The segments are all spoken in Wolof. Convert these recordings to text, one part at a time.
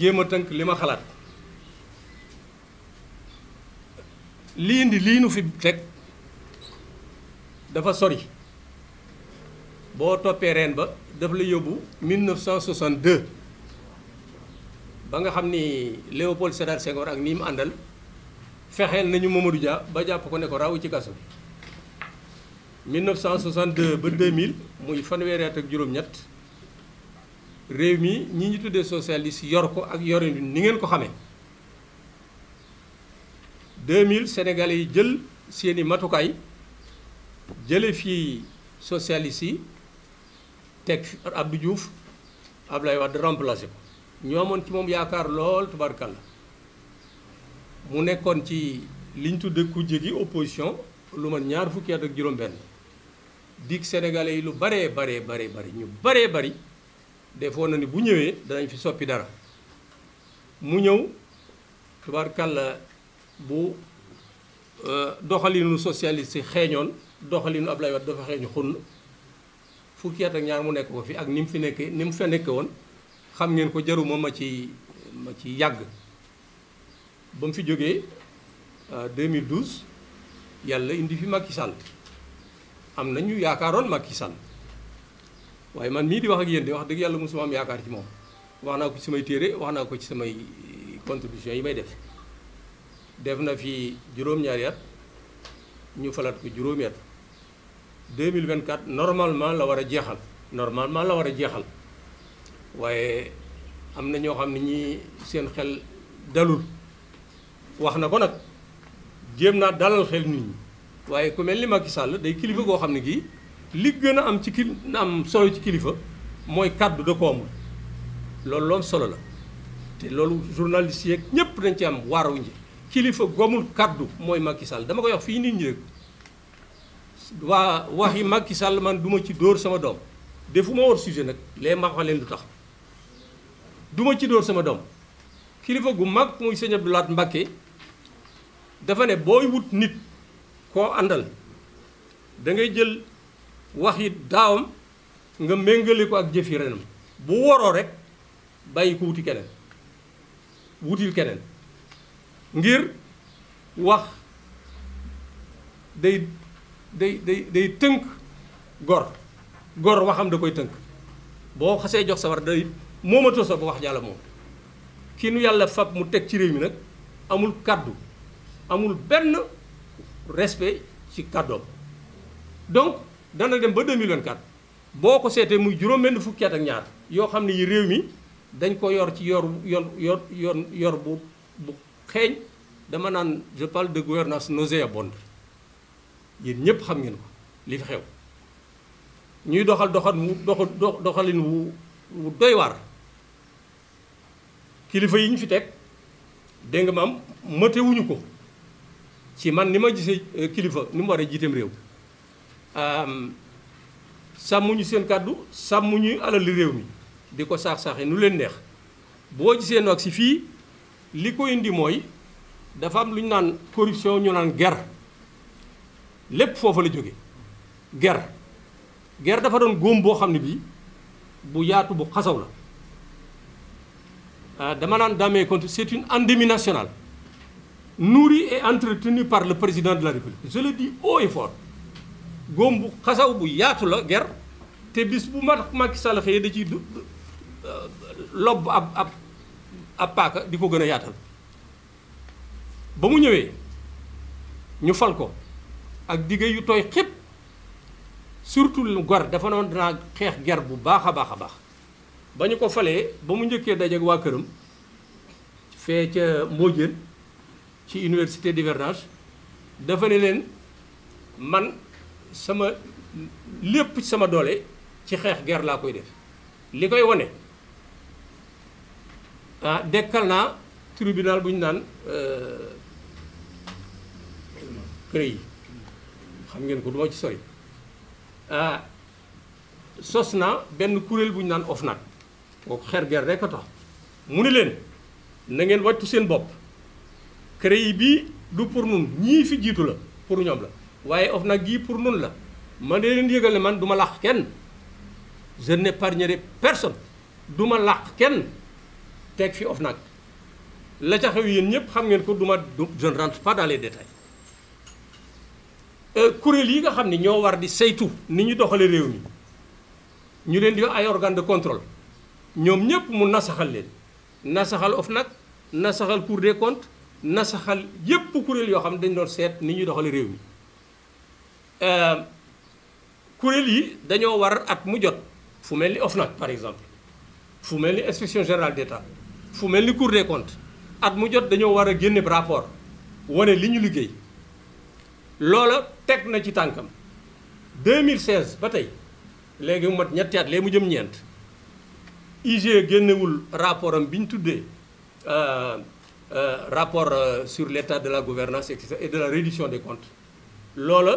jema tank lima xalat li indi li nu fi tek dafa sori bo topé ren ba daf la yobbu 1962 ba nga xamni leopold Léopold Sédar Senghor ak nim andal fexel nañu Mamadou Dia ba japp ko ne ko raw ci kasso 1962 ba 2000 muy fanweeri ak juróom ñet réew mi ñi ñu socialiste ni ngeen ko 2000 sénégalais yi jël seeni matukaay jële fii socialiste Abdou remplacé ci lool mu ci liñ opposition lu man ñaar fukki at ak sénégalais yi lu defoon na ni bu ñëwee danañ fi soppi dara mu ñëw tubaarkàlla bu euh, doxalinu socialiste xeeñoon doxalinu Ablaye Wade dafa xeeñu xunn fukki at ak ñaar mu nekk ko fii ak ni mu fi nekkee ni mu fa nekke woon xam ngeen ko jaruma ma ci ma ci yàgg ba mu fi jógee 2012 euh, yàlla indi fi makki Sall am na ñu yaakaaroon Macky Sall waye man mi di wax ak yeen de wax deug yalla musuma am yaakar ci mom wax naa ko ci samay téré wax naa ko ci samay contribution yi may def def na fi juroom ñaar yat ñu falat ko juroom yat 2024 kan normalement la wara jéxal normalement la wara jéxal waye am na ñoo ñi seen xel dalul wax ko nak jëm na dalal xel nit ñi waye ku melni Macky Sall day kilifa go xamni gi li gën a am ci kil solo ci kilifa mooy kàddu da ko amul loolu loom solo la te loolu journaliste yeeg ñëpp dañ ci am waarawuñ ci kilifa gomul kàddu mooy Macky sàll dama koy wax fii nit ñi rek waa wax yi Macky Sall man du ma ci dóor sama doom defu ma woon nag lee ma lu tax du ci dóor sama doom kilifa gu mag muy sëñ Abdou Lahad Mbacké dafa ne booy wut nit koo àndal da jël wax yi daawam nga méngale ko ak jëf yi renam bu woroo rek bàyyi ko wuti keneen wutil keneen ngir wax day day day day tënk gor gor waxam da koy tënk boo xasee jox sa war day moomatoo sa ba wax jàlla moom kii nu yàlla fab mu teg ci réew mi nag amul kàddu amul benn respe ci kàddoom donc dana dem ba 2024 boo ko seetee muy juróom-benn fukki at ak ñaar yoo xam ne yi réew mi dañ ko yor ci yor yor yor bu xeeñ dama naan je parle de gouvernance nauséabonde yéen ñëpp xam ngeen ko li fi xew ñuy doxal doxal wu doxalin wu wu doy waar kilifa yi ñu fi teg dégg nga maam mëtewuñu ko ci man ni ma gisee euh, kilifa nu mu war a jiiteem réew Euh, sàmmuñu seen kàddu sàmmuñu alal réew mi di ko saax-saaxe nu leen neex boo gisee nag si fii li ko indi mooy dafa am lu ñu naan corruption ñu naan ger lépp foofu la jóge ger ger dafa doon góom boo xam ne bii bu yaatu bu xasaw la euh, dama naan damee compte c'est une endémie nationale nourrie et entretenue par le président de la République je le dis haut et fort góom bu xasaw bu yaatu la ger te bis bu ma Macky Sall xëyee da ciy euh, lobb ab ab ab paaka di ko gën a yaatal ba mu ñëwee ñu fal ko ak digg yu tooy xépp surtout lu gor dafa noon dinaa xeex ger bu baax a baax a baax ba ñu ko falee ba mu njëkkee dajeek waa këram fee ca Mbodiène ci université d'hivernage dafa ne leen man sama lépp sama doole ci xeex ger laa koy def li koy wane ah dekkal naa tribinal bu ñu naan kër euh, yi xam ngeen ko du ci sori ah, sos naa benn kuréel bu ñu naan OFNAC kooku xeer ger rekk a tax mu ni leen na ngeen wàccu seen bopp kër yi bii du pour nun ñii fi jiitu la pour ñoom la waaye OFNAC gii pour nun la man de leen yëgal ne man du ma làq kenn je n'épargnerai personne du ma làq kenn teg fi OFNAC la ca xew yéen ñëpp xam ngeen ko duma ma du je ne rentre pas dans les détails euh, kuréel yi nga xam ni ñoo war di saytu ni ñu doxale réew mi ñu leen di ay organe de contrôle ñoom ñëpp mu nasaxal leen nasaxal OFNAC nasaxal Cour des comptes nasaxal yépp kuréel yoo xam ne dañ doon seet ni ñuy doxale réew mi Euh, kuréel yi dañoo war at mu jot fu mel ni OFNAC par exemple fu mel ni inspection générale d'État fu mel ni cour des comptes at mu jot dañoo war a génne rapport wane li ñu liggéey loola teg na ci tànkam 2016 ba tey léegi mu mat ñetti at léegi mu jëm ñeent IG génnewul rapport am bi ñu tuddee euh, euh, rapport sur l'état de la gouvernance et de la réduction des comptes loola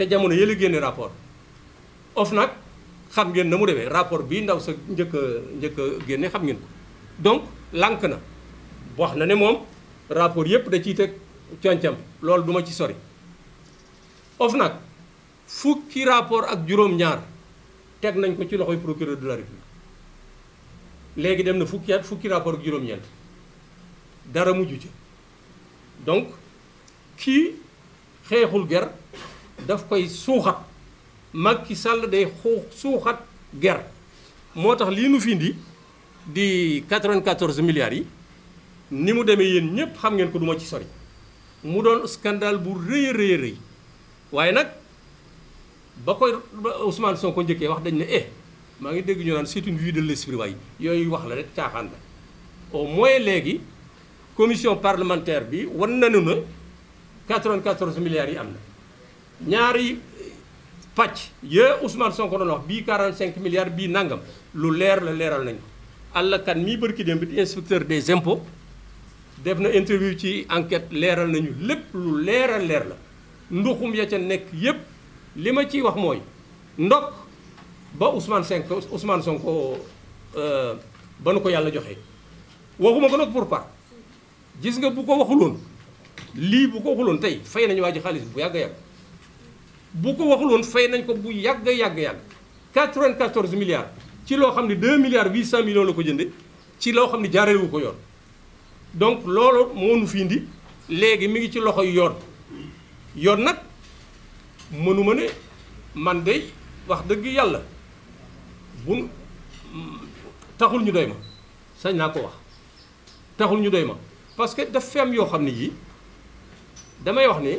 te jamono yële génne rapport OFNAC xam ngeen na mu demee rapport bii ndaw sa njëkk a njëkk génne xam ngeen ko donc lànk na wax na ne moom rapport yépp da ciy teg concam loolu duma ci sori nag fukki rapport ak juróom-ñaar teg nañ ko ci loxoy procureur de la léegi dem na fukki at fukki rapport ak juróom-ñeent dara mujju ci donc kii xeexul ger daf koy suuxat Macky sàll day xuu suuxat ger moo tax lii nu fii indi di 94 milliards yi ni mu demee yéen ñépp xam ngeen ko duma ci sori mu doon scandale bu rëy rëy rëy waaye nag ba koy soo ko njëkkee wax dañ ne eh maa ngi dégg ñu naan c'est une vue de l'esprit waaye yooyu wax la rek caaxaan la au moins léegi commission parlementaire bi wan nañu na 94 milliards yi am na ñaari pàcc yee Ousmane Sonko doon wax bii 45 milliards bii nangam lu leer la leeral nañu àllkan mii bërki démb di inspecteur des impôts def na interview ci enquête leeral nañu lépp lu leeral leer la nduxum ya ca nekk yépp li ma ciy wax mooy ndok ba Ousmane Sonko Ousmane Sonko euh, ba nu ko yàlla joxe waxuma ko nag pour par gis nga bu ko waxuloon lii bu ko waxuloon tey fay nañu waa ji xaalis bu yàgg a yàgg bu ko waxul woon fay nañ ko bu yàgg yàgg yàgg 94 milliards ci loo xam ne 2 milliards 800 millions la ko jënde ci loo xam ne jaareelu ko yoon donc loolu moo nu fi indi léegi mi ngi ci loxo yoon yoon nag mënuma ne man de wax dëgg yàlla bu taxul ñu doy ma sañ naa ko wax taxul ñu doy ma parce que daf fi am yoo xam ne yii damay wax ne.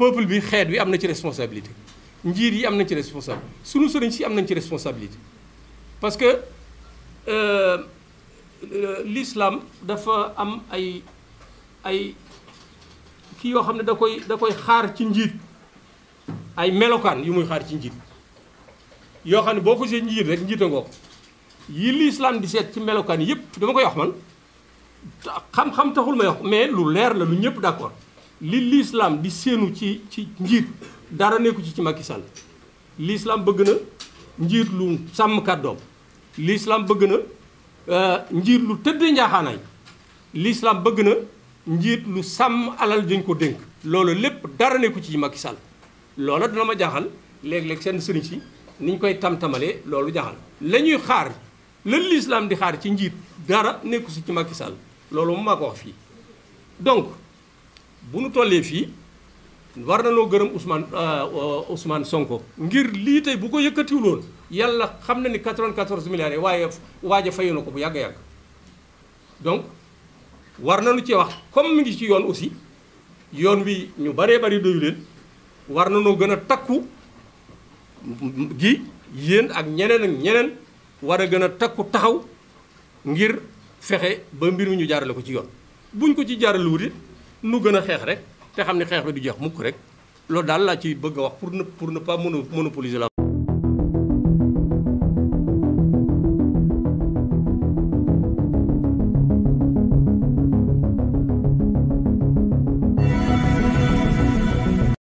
peuple bi xeet bi am ci responsabilité njiit yi am ci responsable sunu sëriñ si ci responsabilité parce que euh, euh, l'islam dafa am ay ay kii yoo xam ne da xaar ci njiit ay melokaan yu muy xaar ci njiit yoo xam ne boo ko rek njiita ngoo yi l'islam di ci melokaan yépp dama koy wax man xam-xam taxul mais lu leer la lu ñëpp d'accord li lislaam di séenu ci ci njiit dara nekku ci ci Macky sal lislaam bëgg na njiit lu sàmm kàddoom lislaam bëgg na euh, njiit lu tëdd njaaxaanaay lislaam bëgg na njiit lu sàmm alal dañ ko dénk loolu lépp dara nekku ci ci Macky sal loola dina ma jaaxal léeg-léeg seen sëriñ si niñ koy tam-tamalee loolu jaaxal la ñuy xaar la lislaam di xaar ci njiit dara nekku ci ci Macky Sall loolu moom maa wax fii donc bu nu tollee fii war na noo gërëm Ousmane euh, euh, Ousmane Sonko ngir lii tey bu ko yëkkatiwuloon yàlla xam na ni 94 milliards yi waaye waaja fayu na ko bu yàgg-yàgg donc war na nañu ci wax comme mi ngi ci yoon aussi yoon wi ñu baree bari doyu leen war nañoo gën a takku gi yéen ak ñeneen ak ñeneen war a gën a takku taxaw ngir fexe ba mbir mi ñu jaarale ko ci yoon buñ ko ci jaarale wutit lu gën a xeex rek te xam ne xeex bi du jeex mukk rek loolu daal la ci bëgg a wax pour ne pour ne pas monopoliser la